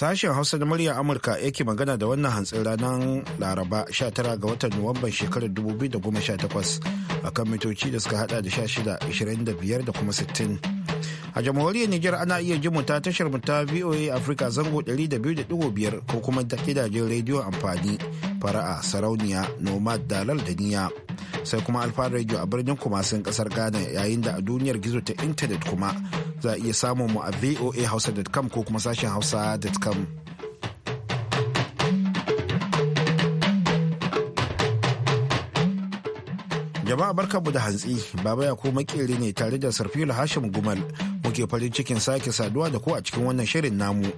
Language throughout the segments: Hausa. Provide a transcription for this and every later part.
Sashen Hausa da murya Amurka yake magana da wannan hantsin ranar Laraba 19 ga watan Nuwamban shekarar 2018 akan mitoci da suka hada da 16, 25 da kuma 60. A jamhuriyar Nijar ana iya ji mu ta tashar mu ta VOA Africa zango 200.5 ko kuma da gidajen rediyo amfani fara'a sarauniya nomad dalal da niya sai kuma alfa rediyo a birnin kuma kumasin kasar Ghana yayin da a duniyar gizo ta intanet kuma za a iya samun mu a voahausa.com ko kuma sashen hausa.com. jama'a barka mu da hantsi baba ya kuma makere ne tare da sarfilu hashim gumal muke farin cikin sake saduwa da ku a cikin wannan shirin namu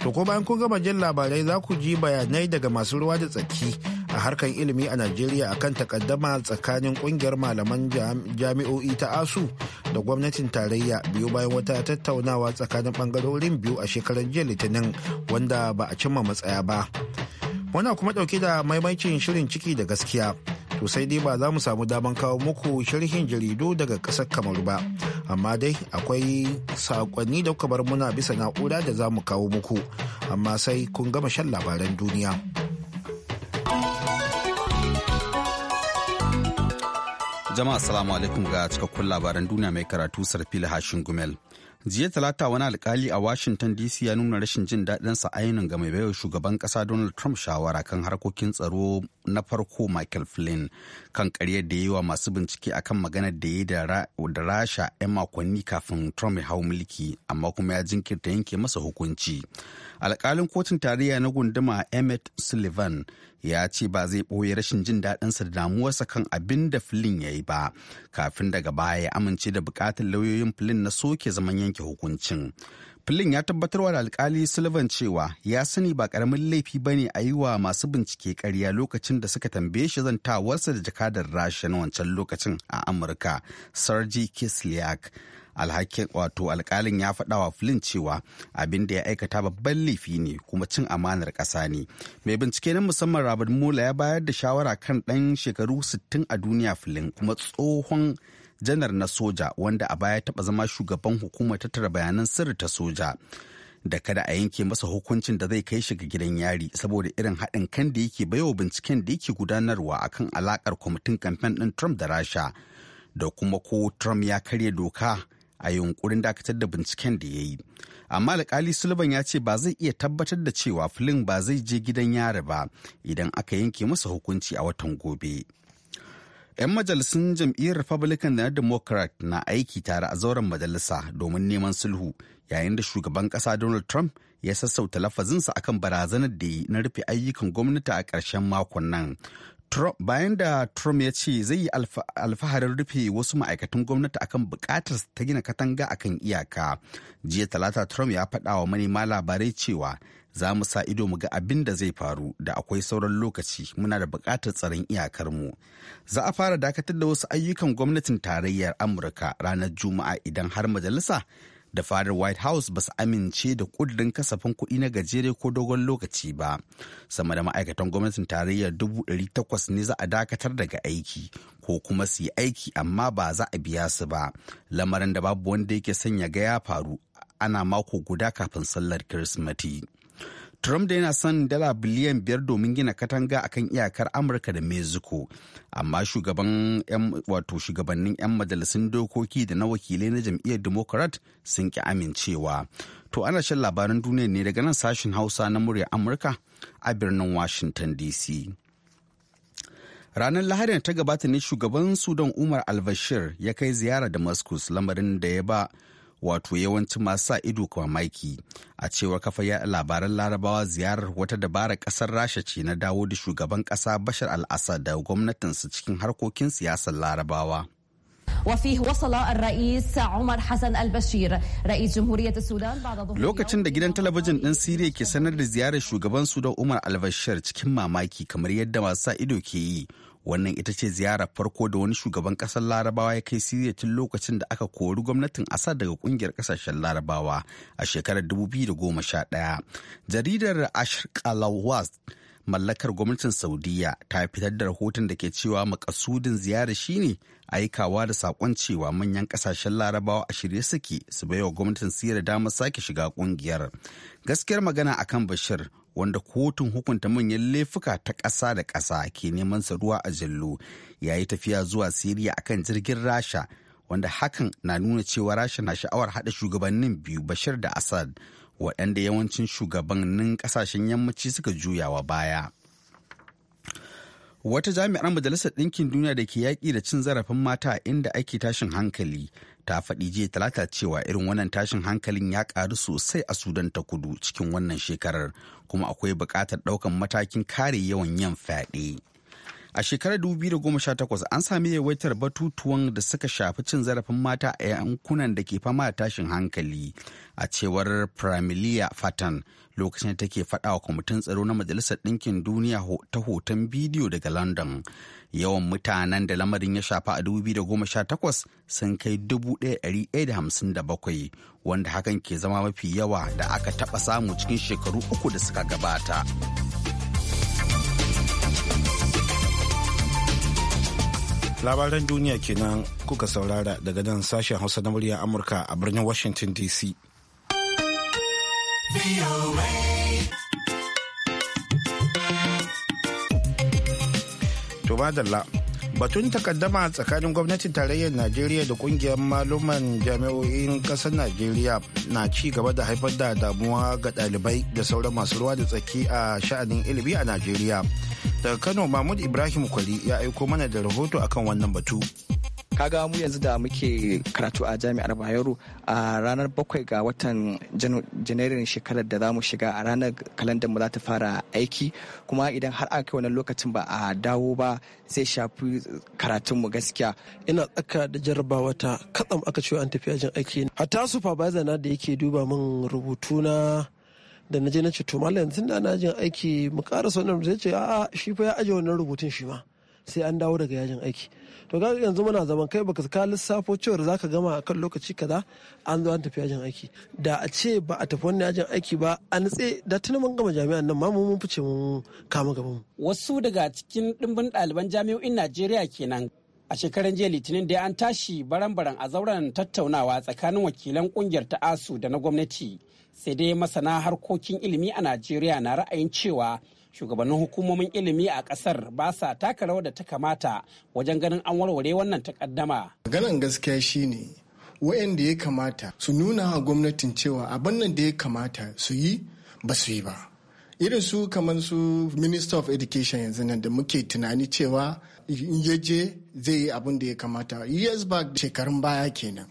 to ko bayan kun gama jin labarai za ku ji bayanai daga masu ruwa da tsaki a harkar ilimi a najeriya akan takaddama tsakanin kungiyar malaman jami'o'i ta asu da gwamnatin tarayya biyu bayan wata tattaunawa tsakanin bangarorin biyu a shekarar jiya litinin wanda ba a cimma matsaya ba muna kuma dauke da maimakin shirin ciki da gaskiya to sai dai ba za mu samu daman kawo muku sharhin jaridu daga ƙasar kamaru ba amma dai akwai sakonni da kuka bar muna bisa na'ura da za mu kawo muku amma sai kun gama shan labaran duniya. Jama'a salamu alaikum ga cikakkun labaran duniya mai karatu sarfil hashin gumel. Jiya talata wani alkali a Washington DC ya nuna rashin jin daɗinsa ainihin ga mai baiwa shugaban ƙasa Donald Trump shawara kan harkokin tsaro na farko Michael Flynn kan karyar da yi wa masu bincike akan maganar da ya yi da rasha 'yan makonni kafin Trump ya hau mulki amma kuma ya jinkirta yanke masa hukunci. alkalin kotun tarayya na gunduma emmett sullivan ya ce ba zai ɓoye rashin jin daɗinsa da damuwarsa kan abin da filin ya yi ba kafin daga baya ya amince da buƙatar lauyoyin filin na soke zaman yanke hukuncin filin ya tabbatarwa da alkali sullivan cewa ya sani ba karamin laifi ba ne a yi wa masu bincike ƙarya lokacin da suka tambaye shi zantawarsa da jakadar rasha na wancan lokacin a amurka sarji kislyak alhakin wato alkalin ya faɗa wa flint cewa abin da ya aikata babban laifi ne kuma cin amanar ƙasa ne mai bincike na musamman rabin mula ya bayar da shawara kan ɗan shekaru 60 a duniya flint kuma tsohon janar na soja wanda a baya taɓa zama shugaban hukumar tattara bayanan sirri ta soja da kada a yanke masa hukuncin da zai kai shi ga gidan yari saboda irin haɗin kan da yake baiwa binciken da yake gudanarwa akan alakar kwamitin kamfen ɗin trump da rasha da kuma ko trump ya karya doka a yunkurin dakatar da binciken da ya yi amma alkali sulban ya ce ba zai iya tabbatar da cewa filin ba zai je gidan yari ba idan aka yanke masa hukunci a watan gobe 'yan majalisun jam'iyyar republican da na democrat na aiki tare a zauren majalisa domin neman sulhu yayin da shugaban kasa donald trump ya sassauta lafazinsa akan barazanar da yi na rufe ayyukan gwamnati a ƙarshen makon nan bayan da Trump ya ce zai yi alfaharin rufe wasu ma'aikatan gwamnati akan bukatar ta gina katanga akan iyaka. Jiya talata Trump ya faɗa wa manema labarai cewa za mu sa ido mu ga abin da zai faru da akwai sauran lokaci muna da bukatar tsaron iyakarmu. Za a fara dakatar da wasu ayyukan gwamnatin tarayyar Amurka ranar Juma'a idan har majalisa da fadar white house ba su amince da kudirin kasafin kuɗi na gajere ko dogon lokaci ba sama da ma'aikatan gwamnatin tarayyar takwas ne za a dakatar daga aiki ko kuma su yi aiki amma ba za a biya su ba lamarin da babu wanda yake sanya ga ya faru ana mako guda kafin sallar Kirsimati. Trump da yana son dala biliyan biyar domin gina katanga akan iyakar Amurka da Mexico, amma shugaban wato shugabannin 'yan majalisun dokoki da na wakilai na jam'iyyar Democrat sun ki amincewa. To ana shan labaran duniya ne daga nan sashen Hausa na murya Amurka a birnin Washington DC. Ranar Lahadin ta gabata ne shugaban Sudan Umar al-Bashir ya kai ziyara Damascus lamarin da ya ba wato yawancin masu sa ido mamaki a cewar kafa labaran larabawa ziyarar wata dabara kasar rasha ce na dawo da shugaban kasa bashar al-assad da gwamnatinsa cikin harkokin siyasar larabawa Lokacin da gidan talabijin ɗin Siriya ke sanar da ziyarar shugaban Sudan Umar al cikin mamaki kamar yadda masu sa ido ke yi, wannan ita ce ziyarar farko da wani shugaban kasar larabawa ya kai siriya tun lokacin da aka kori gwamnatin asad daga kungiyar kasashen larabawa a shekarar 2011 jaridar ashir kalawas mallakar gwamnatin saudiya ta fitar da rahoton da ke cewa makasudin ziyarar shine aikawa da sakon cewa manyan kasashen larabawa a shirye suke su wa gwamnatin siriya damar sake shiga kungiyar gaskiyar magana akan bashir wanda kotun hukunta manyan laifuka ta ƙasa da ƙasa ke neman sa ruwa a jallo ya yi tafiya zuwa siriya kan jirgin rasha wanda hakan na nuna cewa rasha na sha'awar haɗa shugabannin biyu bashir da assad waɗanda yawancin shugabannin ƙasashen yammaci suka juyawa baya wata jami'ar majalisar ɗinkin duniya da ke yaƙi da cin zarafin mata inda ake tashin hankali ta faɗi jiya talata cewa irin wannan tashin hankalin ya ƙaru sosai a sudan ta kudu cikin wannan shekarar kuma akwai buƙatar ɗaukan matakin kare yawan yan fyaɗe. A shekarar 2018 an sami yawaitar batutuwan da suka shafi cin zarafin mata a yankunan da ke fama da tashin hankali a cewar Pramilia Fatan lokacin da take faɗa wa kwamitin tsaro na Majalisar Ɗinkin Duniya ta hoton bidiyo daga London. Yawan mutanen da lamarin ya shafa a 2018 sun kai 1,157 wanda hakan ke zama mafi yawa da aka taɓa samu cikin shekaru uku da suka gabata. labaran duniya kenan kuka saurara daga nan sashen hausa na muryar amurka a birnin washington dc to madalla batun takaddama tsakanin gwamnatin tarayyar najeriya da kungiyar maluman jami'o'in kasar najeriya na ci gaba da haifar da damuwa ga dalibai da sauran masu ruwa da tsaki a sha'anin ilimi a najeriya daga kano mahmud ibrahim kwali ya aiko mana da rahoto akan wannan batu kaga mu yanzu da muke karatu a jami'ar bayero a ranar bakwai ga watan janairun shekarar da za mu shiga a ranar kalandar mu za ta fara aiki kuma idan har aka kai lokacin ba a dawo ba sai shafi karatun mu gaskiya ina tsaka da jarraba wata katsam aka ce an tafi ajin aiki hatta supervisor na da yake duba min rubutu na da na je na ce to mallam yanzu da na jin aiki mu karasa wannan da ce a'a shi fa ya aje wannan rubutun shi ma sai an dawo daga yajin aiki to ga yanzu muna zaman kai baka ka lissafo cewar zaka gama a kan lokaci kaza an zo an tafi yajin aiki da a ce ba a tafi wannan yajin aiki ba a nutse da tuni mun gama jami'an nan ma mun fice mun kama gaba mu wasu daga cikin dimbin ɗaliban jami'o'in Najeriya kenan a shekaran jiya litinin dai an tashi baran-baran a zauren tattaunawa tsakanin wakilan kungiyar ta asu da na gwamnati sai dai masana harkokin ilimi a najeriya na ra'ayin cewa shugabannin hukumomin ilimi a kasar ba sa taka rawar da ta kamata wajen ganin an warware wannan takaddama. Maganan gaskiya shi shine wa'anda ya kamata su nuna a gwamnatin cewa abin nan da ya kamata su yi ba su yi ba. Irin su kamar su Minister of Education yanzu nan da muke tunani cewa in ya je zai yi abin da ya kamata years back shekarun baya kenan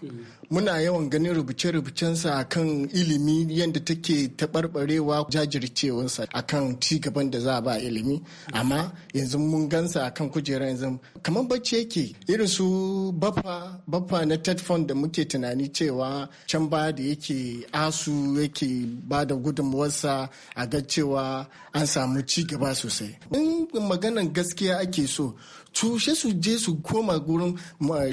muna yawan ganin rubuce-rubucensa akan ilimi yadda take taɓarɓarewa jajircewarsa akan gaban da za a ba ilimi amma yanzu mun gansa akan kujera yanzu kamar bacci yake irin su bafa bafa na ted da muke tunani cewa can baya da yake asu yake ba da gudunmuwarsa a ga cewa an samu ci gaba sosai in maganan gaskiya ake so tushe su je su koma gurin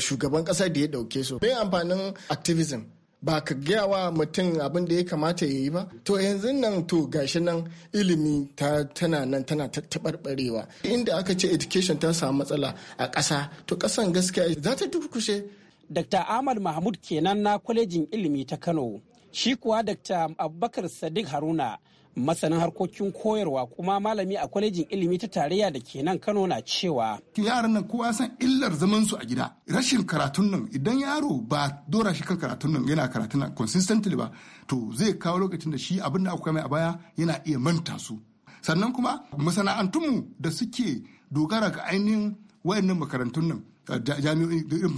shugaban ƙasar da ya ɗauke su. Me amfanin activism? ba ka gaya wa mutum abin da ya kamata ya yi ba to yanzu nan to gashi nan ilimi ta tana nan tana taɓarɓarewa inda aka ce education ta samu matsala a ƙasa to ƙasan gaskiya za ta durkushe Dr. Ahmad Mahmud kenan na kwalejin ilimi ta Kano. Shi kuwa Dr. Abubakar Sadiq Haruna masanin harkokin koyarwa kuma malami a kwalejin ilimi ta tarayya da ke nan kano na cewa yaran nan kowa san illar zaman su a gida rashin karatun nan idan yaro ba dora shi kan karatun nan yana karatun nan consistently ba to zai kawo lokacin da shi abin da aka mai a baya yana iya manta su sannan kuma masana'antunmu da suke dogara ga ainihin wayannan makarantun nan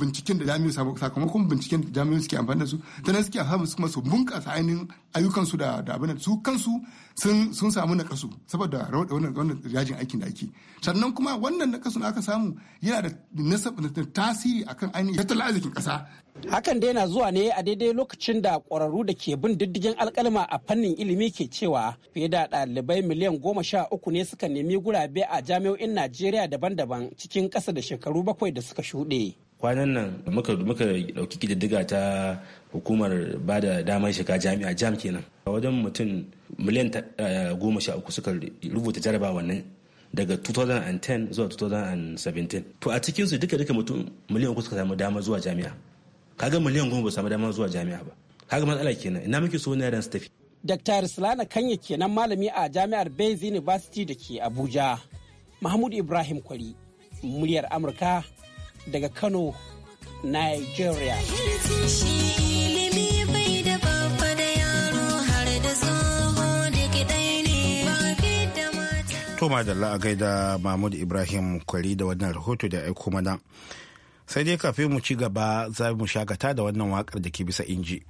binciken da jami'u sakamakon binciken da jami'u suke amfani da su tana suke amfani su kuma su bunkasa ainihin ayyukansu da da su kansu sun samu samu kasu saboda wannan yajin aikin da ake sannan kuma wannan nakasu da aka samu yana da tasiri akan ainihin tattalin arzikin kasa hakan dai na zuwa ne a daidai lokacin da ƙwararru da ke bin diddigin alkalma a fannin ilimi ke cewa fiye da ɗalibai miliyan goma sha uku ne suka nemi gurabe a jami'o'in najeriya daban-daban cikin kasa da shekaru bakwai da suka shuɗe kwanan nan muka muka dauki kididdiga ta hukumar ba da damar shiga jami'a jam kenan wajen mutum miliyan eh, goma sha uku suka rubuta jaraba wannan daga 2010 zuwa 2017 to a cikinsu duka duka mutum miliyan uku suka samu damar zuwa jami'a kaga miliyan goma ba samu damar zuwa jami'a ba kaga matsala kenan ina muke so yaran su tafi Dr. Silana Kanya kenan malami a jami'ar Bayes University da ke Abuja. Mahmud Ibrahim Kwari, muryar Amurka daga Kano, Nigeria. Toma da la'agai da Mahmud Ibrahim kwari da wannan rahoto da aiko mana. Sai dai kafin mu ci gaba za mu shakata da wannan wakar da ke bisa inji.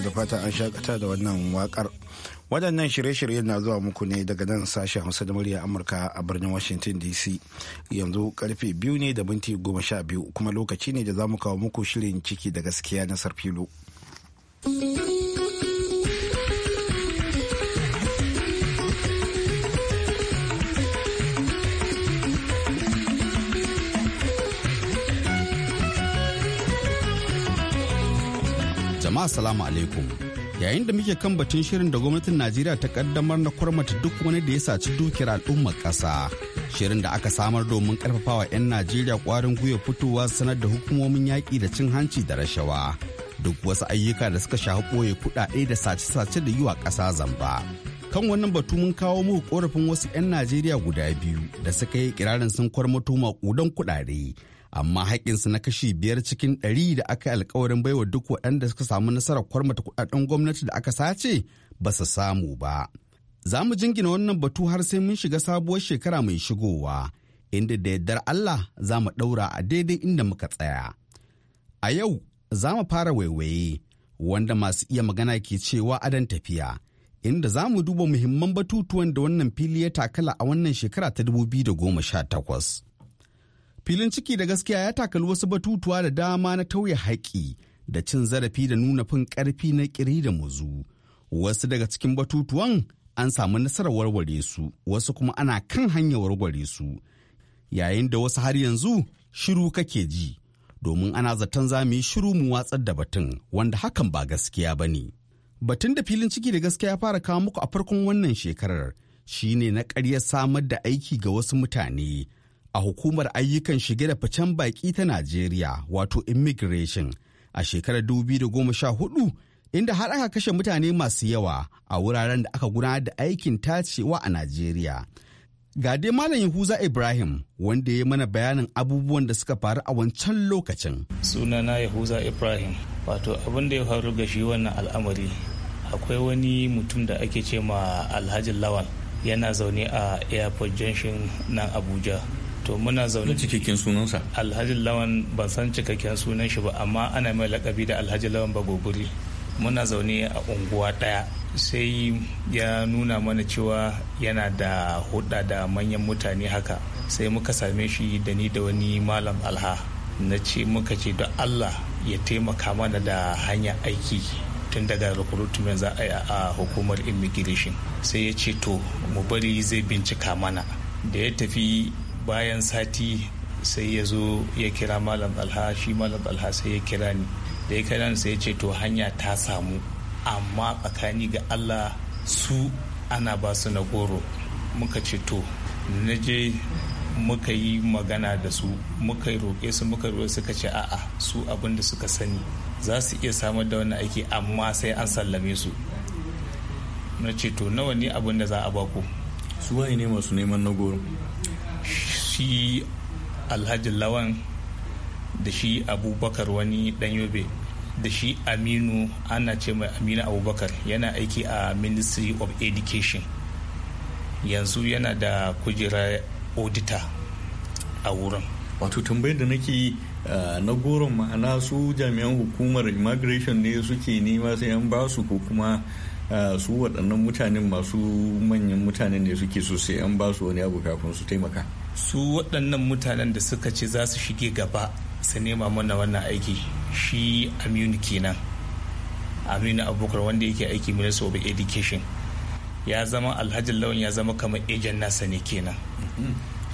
da fata an shakata da wannan wakar waɗannan shirye-shiryen na zuwa muku ne daga nan sashen hausa da murya amurka a birnin washington dc yanzu karfe biyu ne da minti goma sha biyu kuma lokaci ne da za mu kawo muku shirin ciki da gaskiya na sarfilo. assalamu alaikum yayin da muke kan batun shirin da gwamnatin najeriya ta kaddamar na kwarmata duk wani da ya saci dukiyar al'ummar ƙasa shirin da aka samar domin karfafawa 'yan najeriya kwarin gwiwa fitowa sanar da hukumomin yaƙi da cin hanci da rashawa duk wasu ayyuka da suka shafi ɓoye kuɗaɗe da sace-sace da yi wa ƙasa zamba kan wannan batu mun kawo muku korafin wasu 'yan najeriya guda biyu da suka yi kirarin sun kwarmato maƙudan kuɗaɗe amma haƙƙinsu na kashi biyar cikin ɗari da aka yi alkawarin baiwa duk waɗanda suka samu nasarar kwarmata kuɗaɗen gwamnati da aka sace ba su samu ba. Za mu jingina wannan batu har sai mun shiga sabuwar shekara mai shigowa, inda da yardar Allah za mu ɗaura a daidai inda muka tsaya. A yau za mu fara waiwaye, wanda masu iya magana ke cewa adon tafiya, inda za mu duba muhimman batutuwan da wannan fili ya takala a wannan shekara ta dubu da sha takwas. filin ciki da gaskiya ya takali wasu batutuwa da dama na tauye haƙƙi da cin zarafi da nuna fin ƙarfi na ƙiri da muzu wasu daga cikin batutuwan an samu nasarar warware su wasu kuma ana kan hanyar warware su yayin da wasu har yanzu shiru kake ji domin ana zaton za mu yi shiru mu watsar da batun wanda hakan ba gaskiya ba ne batun da filin ciki da gaskiya fara kawo muku a farkon wannan shekarar shine na ƙaryar samar da aiki ga wasu mutane a hukumar ayyukan shige da ficen baki ta Najeriya wato immigration a shekarar 2014 inda har aka kashe mutane masu yawa a wuraren da aka gudanar da aikin tacewa a Najeriya. Ga dai Malam Yahuza Ibrahim wanda ya mana bayanin abubuwan da suka faru a wancan lokacin. Sunana Yahuza Ibrahim wato abin da ya faru ga shi wannan al'amari akwai wani mutum da ake ce ma Alhaji Lawal yana zaune a Airport Junction nan Abuja. to muna zaune cikakken sunansa alhaji lawan ban san cikakken sunan shi ba amma ana mai lakabi da alhaji lawan ba bagoguri muna zaune a unguwa ɗaya sai ya nuna mana cewa yana da hudda da manyan mutane haka sai muka same shi da ni da wani malam alha na ce muka ce da allah ya taimaka mana da hanyar aiki tun daga recruitment za a yi a hukumar immigration sai ya ce to mu bari zai bincika mana da ya tafi bayan sati sai ya zo ya kira malam dalha shi malam alha sai ya kira ni da ya kira sai ya ce to hanya ta samu amma tsakani ga allah su ana ba su na goro muka ce to na je muka yi magana da su muka roƙe su muka roƙe suka ce a'a su abin da suka sani za su iya samar da wani aiki amma sai an sallame su na ce to nawa ne abin da za a baku su waye ne masu neman na goro shi alhaji lawan da shi abubakar wani dan yobe da shi aminu ana ce mai aminu abubakar yana aiki a ministry of education yanzu yana da kujera auditor a wurin wato tambayar da nake yi na goron ma'ana su jami'an hukumar immigration ne suke nema sai an ba su ko kuma su waɗannan mutanen masu manyan mutanen ne suke so sai an ba su wani abu kafin su taimaka su waɗannan mutanen da suka ce za su shige gaba su nema mana wannan aiki shi aminu kenan aminu abubakar wanda yake aiki minister of education ya zama alhaji lawan ya zama kamar ejen nasa ne kenan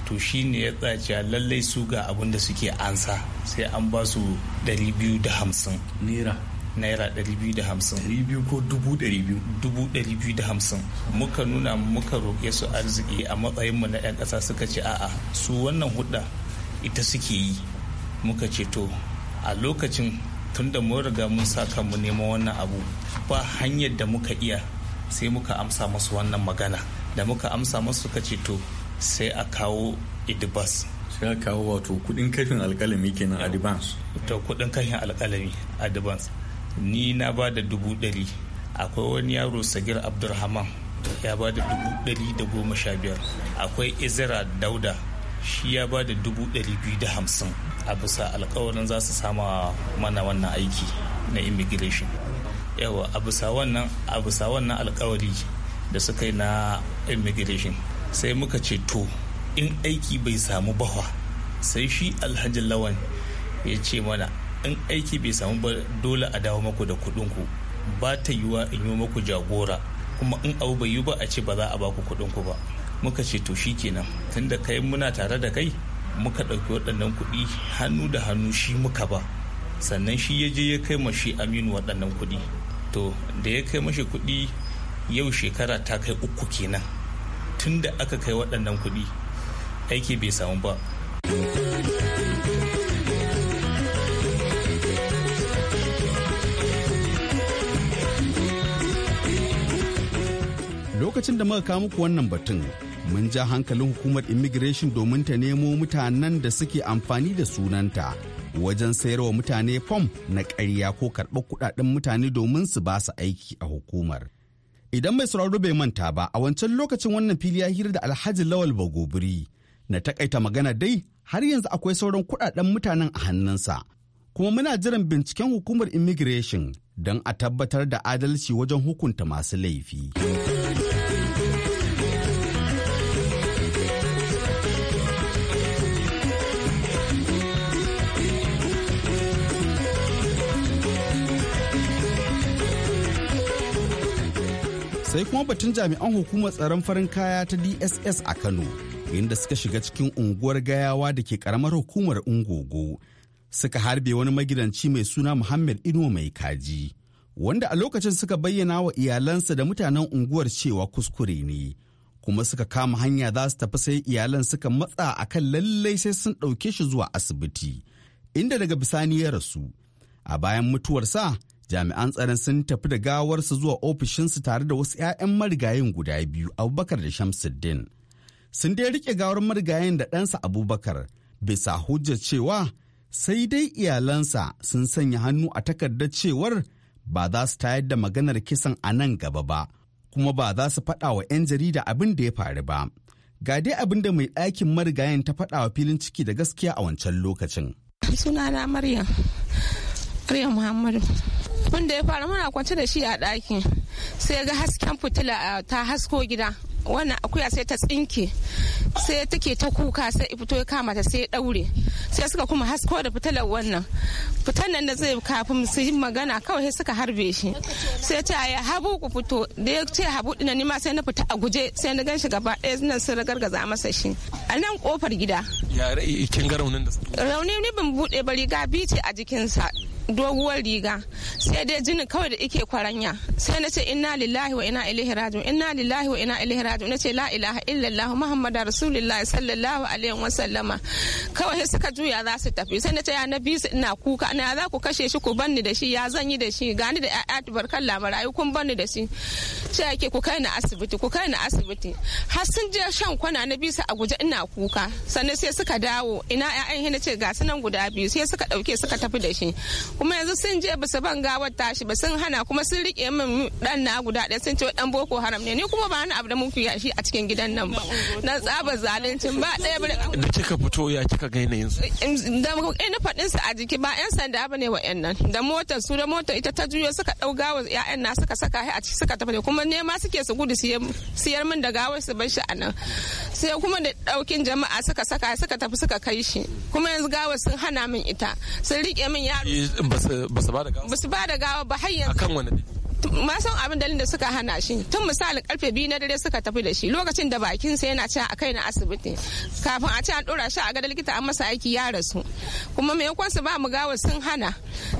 to shi ne ya tsaci a lallai su ga abin da suke ansa sai an ba su 250 naira naira 250 ko 250 muka nuna muka roƙe su arziki a matsayinmu na 'yan ƙasa suka ce a'a su wannan hudda ita suke yi muka ce to a lokacin tunda mun riga mun sa kanmu neman wannan abu ba hanyar da muka iya sai muka amsa masu wannan magana da muka amsa masu suka ce to sai a kawo idibas sai a kawo wato kudin kashin alkalami kenan advance to kudin kashin alkalami advance ni na ba da dubu ɗari akwai wani yaro sagir abdulrahman ya ba da dubu ɗari da goma sha biyar akwai ezra dauda shi ya ba da dubu ɗari biyu da hamsin a bisa alkawarin za su sama mana wannan aiki na immigration yawa a bisa wannan a alkawari da suka yi na immigration sai muka ce to in aiki bai samu bahwa sai shi alhaji lawan ya ce mana in aiki bai samu ba dole a dawo maku da kuɗin ku ba ta yiwa in yi maku jagora kuma in abu bai yi ba a ce ba za a baku kuɗin ku ba muka ce to shi kenan tunda kai muna tare da kai muka ɗauki waɗannan kuɗi hannu da hannu shi muka ba sannan shi ya je ya kai ma shi aminu waɗannan kuɗi to da ya kai mashi kuɗi yau shekara ta kai uku kenan tunda aka kai waɗannan kuɗi aiki bai samu ba. lokacin da muka kawo muku wannan batun mun ja hankalin hukumar immigration domin ta nemo mutanen da suke amfani da sunanta wajen sayarwa mutane fom na ƙarya ko karɓar kuɗaɗen mutane domin su ba su aiki a hukumar idan mai sauraro bai manta ba a wancan lokacin wannan fili ya hira da alhaji lawal bagobiri na takaita magana dai har yanzu akwai sauran kuɗaɗen mutanen a hannunsa kuma muna jiran binciken hukumar immigration don a tabbatar da adalci wajen hukunta masu laifi. sai kuma batun jami'an hukumar tsaron farin kaya ta dss a kano inda suka shiga cikin unguwar gayawa da ke karamar hukumar ungogo suka harbe wani magidanci mai suna muhammad ino mai kaji wanda a lokacin suka bayyana wa iyalansa da mutanen unguwar cewa kuskure ne kuma suka kama hanya za su tafi sai iyalan suka matsa akan lallai sai sun ɗauke shi zuwa asibiti inda daga bisani ya rasu a bayan mutuwarsa jami'an tsaron sun tafi da gawarsa zuwa ofishinsu tare da wasu 'ya'yan marigayen guda biyu abubakar da shamsuddin sun dai rike gawar marigayen da ɗansa abubakar bisa hujjar cewa sai dai iyalansa sun sanya hannu a takardar cewar ba za su tayar da maganar kisan a nan gaba ba kuma ba za su faɗa wa 'yan jarida abin da ya faru ba ga dai abin da mai ɗakin marigayen ta faɗa wa filin ciki da gaskiya a wancan lokacin sunana maryam maryam muhammadu abin da ya faru muna kwance da shi a ɗakin sai ga hasken fitila ta hasko gida wannan akuya sai ta tsinke sai take ta kuka sai fito ya kama ta sai ya daure sai suka kuma hasko da fitilar wannan fitan nan da zai kafin su yi magana kawai sai suka harbe shi sai ta ya habu ku fito da ya ce habu dina ni ma sai na fita a guje sai na ganshi gaba ɗaya nan sun ragargaza masa shi a nan kofar gida ya kin ga raunin da raunin ni ban bude ba riga bice a jikinsa doguwar riga sai dai jini kawai da ike kwaranya sai na ce inna lillahi wa ina ilaihi raji'un inna lillahi wa ina ilaihi raji'un nace la ilaha illallah muhammadu rasulullah sallallahu alaihi wa sallama kawai suka juya za su tafi sai na ce ya nabi su ina kuka na za ku kashe shi ku banni da shi ya zan yi da shi gani da ƴaƴa barkan lamarayu kun banni da shi sai yake ku kai na asibiti ku kai na asibiti har sun je shan kwana na bisa a guje ina kuka sannan sai suka dawo ina ƴaƴan na ce ga su nan guda biyu sai suka dauke suka tafi da shi kuma yanzu sun je ba su ban gawar tashi ba sun hana kuma sun rike min dan na guda ɗaya sun ce dan boko haram ne ni kuma ba wani abu da muku yashi a cikin gidan nan ba na tsaba zaluncin ba ɗaya ba da kika fito ya kika ga yanayin su da ina faɗin su a jiki ba yan sanda ba ne wa'annan da motar su da motar ita ta juyo suka ɗau gawar ya'yan na suka saka a ciki suka tafi kuma nema suke su gudu siyar min da gawar su bar shi a nan sai kuma da ɗaukin jama'a suka saka suka tafi suka kai shi kuma yanzu gawar sun hana min ita sun rike min yaro eh, din ba su ba da gawa ba su akan wani ma san abin dalin da suka hana shi tun misalin karfe biyu na dare suka tafi da shi lokacin da bakin sa yana cewa a kai na asibiti kafin a ce an dora shi a gadar likita an masa aiki ya rasu kuma maimakon su ba mu gawa sun hana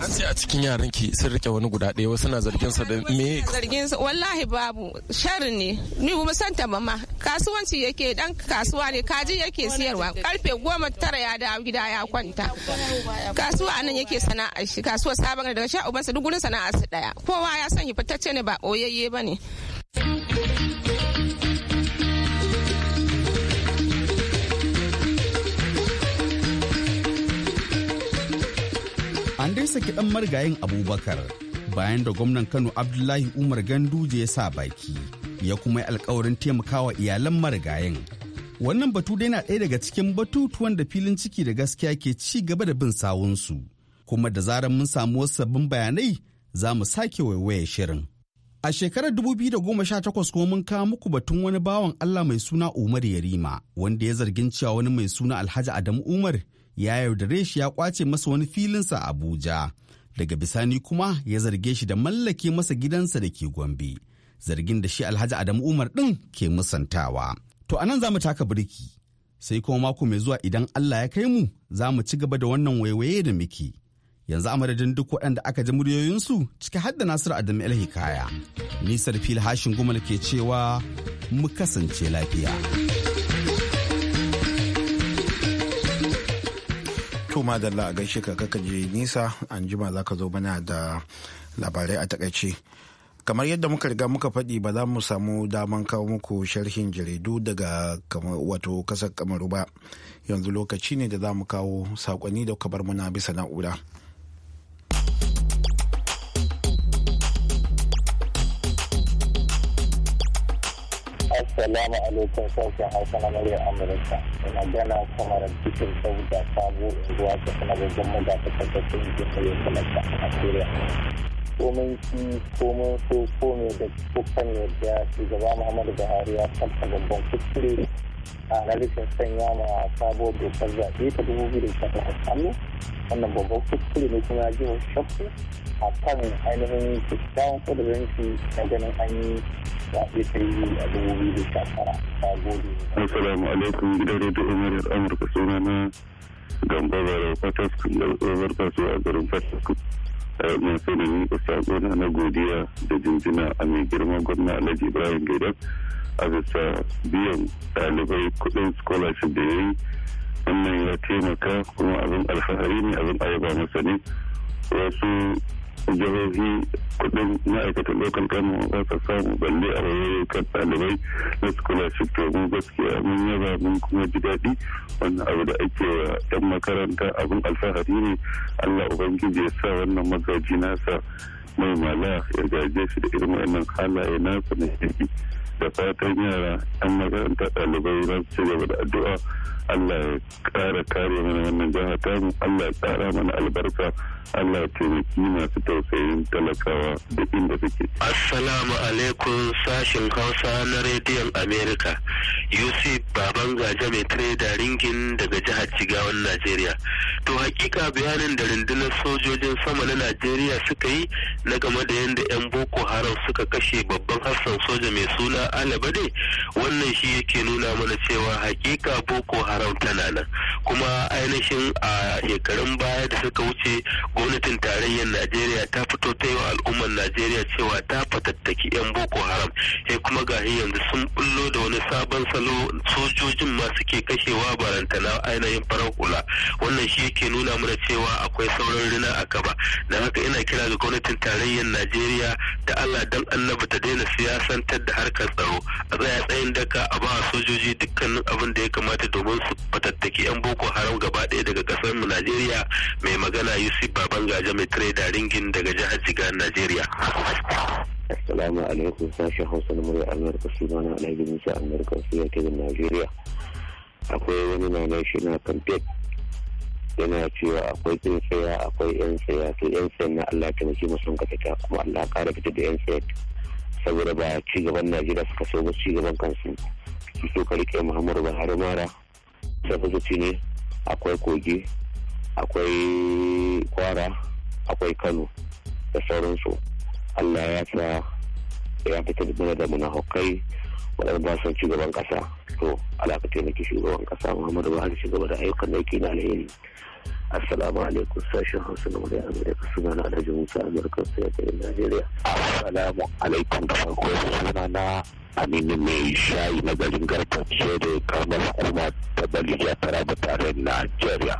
an ce a cikin yaran ki sun rike wani guda ɗaya wasu na zargin sa da me zargin sa wallahi babu sharri ne ni ba san ta ba ma kasuwanci yake dan kasuwa ne kaji yake siyarwa karfe goma tara ya dawo gida ya kwanta kasuwa anan yake sana'a shi kasuwa sabon daga sha ubansa duk gurin sana'a su daya kowa ya san. fitacce ne ba ɓoyayye ba ne. An dai saki ɗan marigayen Abubakar bayan da gwamnan Kano Abdullahi Umar Ganduje ya sa baki ya kuma yi alkawarin taimakawa iyalan marigayen Wannan batu dai na ɗaya daga cikin batutuwan da filin ciki da gaskiya ke ci gaba da bin sawunsu. Kuma da zarar mun samu wasu sabbin bayanai za mu sake waiwaye shirin. A shekarar 2018 kuma mun kawo muku batun wani bawan Allah mai suna Umar Yarima wanda ya zargin cewa wani mai suna Alhaji Adamu Umar ya yaudare shi ya kwace masa wani filinsa a Abuja. Daga bisani kuma ya zarge shi da mallake masa gidansa da ke Gombe. Zargin da shi Alhaji Adamu Umar ɗin ke musantawa. To anan za mu taka birki. Sai kuma mako mai zuwa idan Allah ya kai mu za mu ci gaba da wannan waiwaye da muke. yanzu a duk waɗanda aka ji muryoyinsu ciki har da nasiru adamu el hikaya nisar fil hashin gumal ke cewa mu kasance lafiya to madalla a gaishe ka kaka je nisa an jima za ka zo mana da labarai a takaice kamar yadda muka riga muka faɗi ba za mu samu daman kawo muku sharhin jaridu daga wato kasar kamaru ba yanzu lokaci ne da za mu kawo saƙonni da kuka bar muna bisa na'ura. Assalamu alaikum sauƙin hausa na murya Amurka. gana kamar cikin sauda sabo unguwa ta kuma gajen mu da ta kasance cikin murya a Najeriya. komai ki komai so komai da kukan yadda shugaba muhammadu buhari ya kamta babban kuskure a na sanya ma sabuwar dokar zaɓe ta dubu biyu da sha takwas hannu wannan babban kuskure ne kuma ji jihar shakku a kan ainihin kyakkyawan kudurin shi na ganin an yi zaɓe ta yi a dubu biyu da sha tara ta gode. assalamu alaikum gidan rediyo muryar amurka suna na gamba da fatasku da tsohuwar kasuwa a garin fatasku. mun so da miƙa na na godiya da jinjina a mai girman gwamna alhaji ibrahim gaidar a bisa biyan ɗalibai kuɗin scholarship da ya yi wannan ya taimaka kuma abin alfahari ne abin ayaba masa ne wasu jihohi kudin ma'aikatan lokal kano za ka samu balle a rayuwar ɗalibai na scholarship to mu gaskiya mun yaba mun kuma ji daɗi wannan abu da ake wa ɗan makaranta abin alfahari ne allah ubangiji ya sa wannan mazaji nasa mai mala ya gaje shi da irin wannan halaye nasa na shirki. da fatan yara an makaranta ɗalibai na ci gaba da addu'a Allah ya ƙara kare mana wannan jiha tamu Allah ya ƙara mana albarka Allah ya taimaki masu tausayin talakawa da inda suke. Assalamu alaikum sashin Hausa na rediyon Amerika. Yusuf baban gaja mai tireda ringin daga jihar cigawan Najeriya. To hakika bayanin da rundunar sojojin sama na Najeriya suka yi na game da yadda 'yan Boko Haram suka kashe babban hassan soja mai suna Alabade wannan shi yake nuna mana cewa hakika Boko Haram tana nan. Kuma ainihin a shekarun baya da suka wuce gwamnatin tarayyar Najeriya ta fito ta yi wa al'ummar Najeriya cewa ta fatattaki 'yan Boko Haram. Sai kuma gahi yanzu sun bullo da wani sabon salo sojojin masu ke kashewa barantana ainihin farar kula wannan shi yake nuna mana cewa akwai sauran rina a gaba da haka ina kira ga gwamnatin tarayyar najeriya da allah dan annabi ta daina siyasantar da harkar tsaro a tsaya tsayin daka a ba sojoji dukkanin abin da ya kamata domin su fatattaki yan boko haram gaba ɗaya daga kasar mu najeriya mai magana yusuf babangaja mai tare da ringin daga jihar jigar najeriya Assalamu alaikum sashen Hausa na murya Amurka sunana Alhaji Musa Amurka su ya da Najeriya. Akwai wani na shi na yana cewa akwai kin tsaya akwai yan tsaya to yan tsaya na Allah ta nake masu ka fita kuma Allah kara fita da yan tsaya saboda ba ci gaban Najeriya suka so ba ci gaban kansu su so ka rike Muhammadu Buhari mara ci ne akwai kogi akwai kwara akwai Kano da sauransu. allah ya sa ya fitar mana da munafukai waɗanda ba son shugaban ƙasa to alaka taimaki shugaban ƙasa muhammadu buhari shugaba da ayyukan da yake na alheri assalamu alaikum sashen hausa na murya amurka suna na alhaji musa amurka sai ta najeriya assalamu alaikum da farko suna na aminu mai shayi na garin garfa ce da kamar kuma ta balija tara da tarayyar najeriya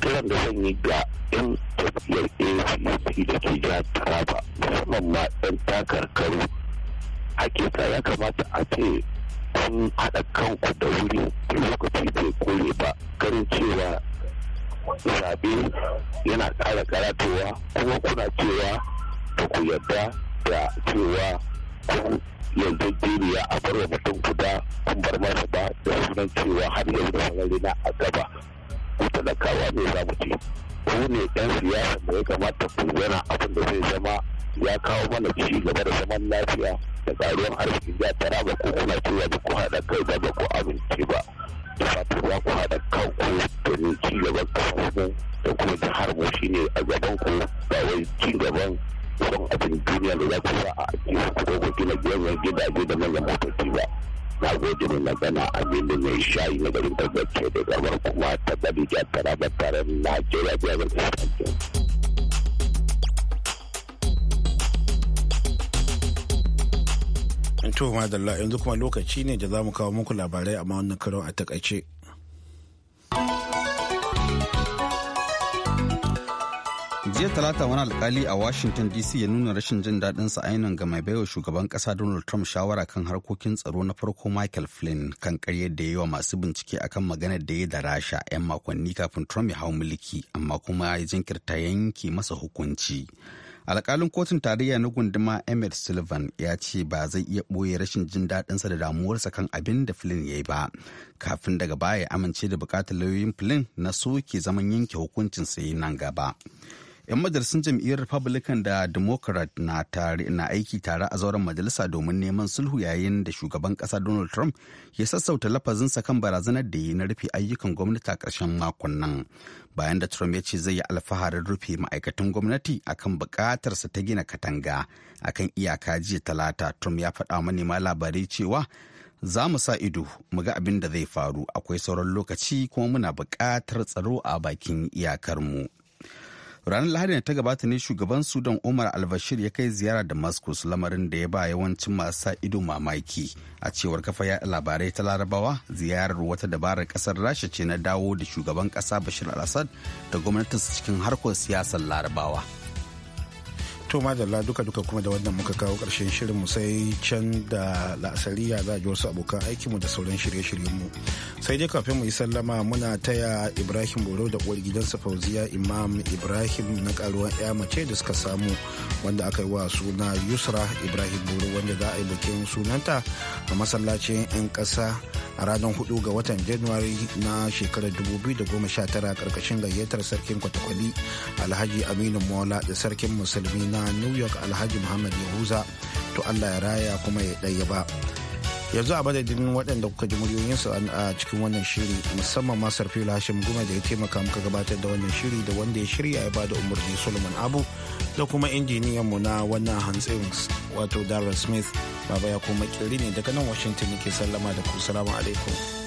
kiran da zan yi ga 'yan tafiyar acp da ke da taraba musamman ma 'yan takarkaru hakika ya kamata a ce kun haɗa kanku da wuri lokaci bai kore ba karin cewa zaɓe yana ƙara karatowa kuma kuna cewa da ku yarda da cewa kun yanzu duniya a bar wa mutum guda kun bar masa ba da sunan cewa har yanzu da na a gaba ku talakawa ne za mu ci ku ne ɗan siyasa da ya kamata ku yana abin da zai zama ya kawo mana ci gaba da zaman lafiya da karuwan arzikin ya tara ba ko kuna cewa ba ku haɗa kai ba ba ku amince ba da fatan za ku haɗa da domin ci gaban da kuma da jihar mu ne a gaban ku ba wai ci gaban son abin duniya da za ku sa a ajiye ko ku gina gidaje da manyan motoci ba na gode mai magana a mini shayi na garin tabbace da gabar kuma ta gani jihar taraba tare najeriya jihar to madalla yanzu kuma lokaci ne da za mu kawo muku labarai amma wannan karon a takaice jiya talata wani alkali a washington dc ya nuna rashin jin daɗin sa ainihin ga mai baiwa shugaban ƙasa donald trump shawara kan harkokin tsaro na farko michael flynn kan karyar da yi wa masu bincike akan maganar da ya da rasha 'yan makonni kafin trump ya hau mulki amma kuma ya jinkirta yanke masa hukunci alkalin kotun tarayya na gunduma emmett sullivan ya ce ba zai iya ɓoye rashin jin daɗinsa da damuwarsa kan abin da flynn ya yi ba kafin daga baya ya amince da bukatar lauyoyin flynn na soke zaman yanke hukuncinsa yi nan gaba 'yan majalisun jam'iyyar republican da democrat na tare na aiki tare a zauren majalisa domin neman sulhu yayin da shugaban kasa donald trump ya sassauta lafazinsa kan barazanar da yi na rufe ayyukan gwamnati a ƙarshen makon nan bayan da trump ya ce zai yi alfaharin rufe ma'aikatan gwamnati akan buƙatarsa ta gina katanga akan iyaka jiya talata trump ya faɗa manema labarai cewa za mu sa ido mu ga abin da zai faru akwai sauran lokaci kuma muna buƙatar tsaro a bakin iyakar mu ranar lahadi ne ta gabata ne shugaban sudan umar albashir ya kai ziyara da damascus lamarin da ya ba yawancin masu ido mamaki a cewar kafa ya labarai ta larabawa ziyarar wata dabarar kasar rasha ce na dawo da shugaban kasa bashir al-assad da gwamnatinsa cikin harkar siyasar larabawa to madalla duka duka kuma da wannan muka kawo karshen shirinmu sai can da la'asariya za a ji wasu abokan aikinmu da sauran shirye mu. sai dai kafin mu yi sallama muna taya ibrahim boro da uwar gidansa fauziya imam ibrahim na karuwan ya mace da suka samu wanda aka yi wa suna yusra ibrahim boro wanda za a yi bikin sunanta a masallacin 'yan ƙasa a ranar 4 ga watan january na shekarar 2019 karkashin gayyatar sarkin kwatakwali alhaji aminu mola da sarkin musulmi na new york alhaji muhammad yahuza to allah ya raya kuma ya ɗaya ba yanzu a madadin waɗanda kuka ji muryoyinsu a cikin wannan shiri musamman ma filo hashim goma da ya taimaka muka gabatar da wannan shiri da wanda ya shirya ya bada umarni solomon abu da kuma injiniyan mu na wannan hantsin wato darren smith baba ya kuma kiri ne daga nan washington ke sallama da ku salamu alaikum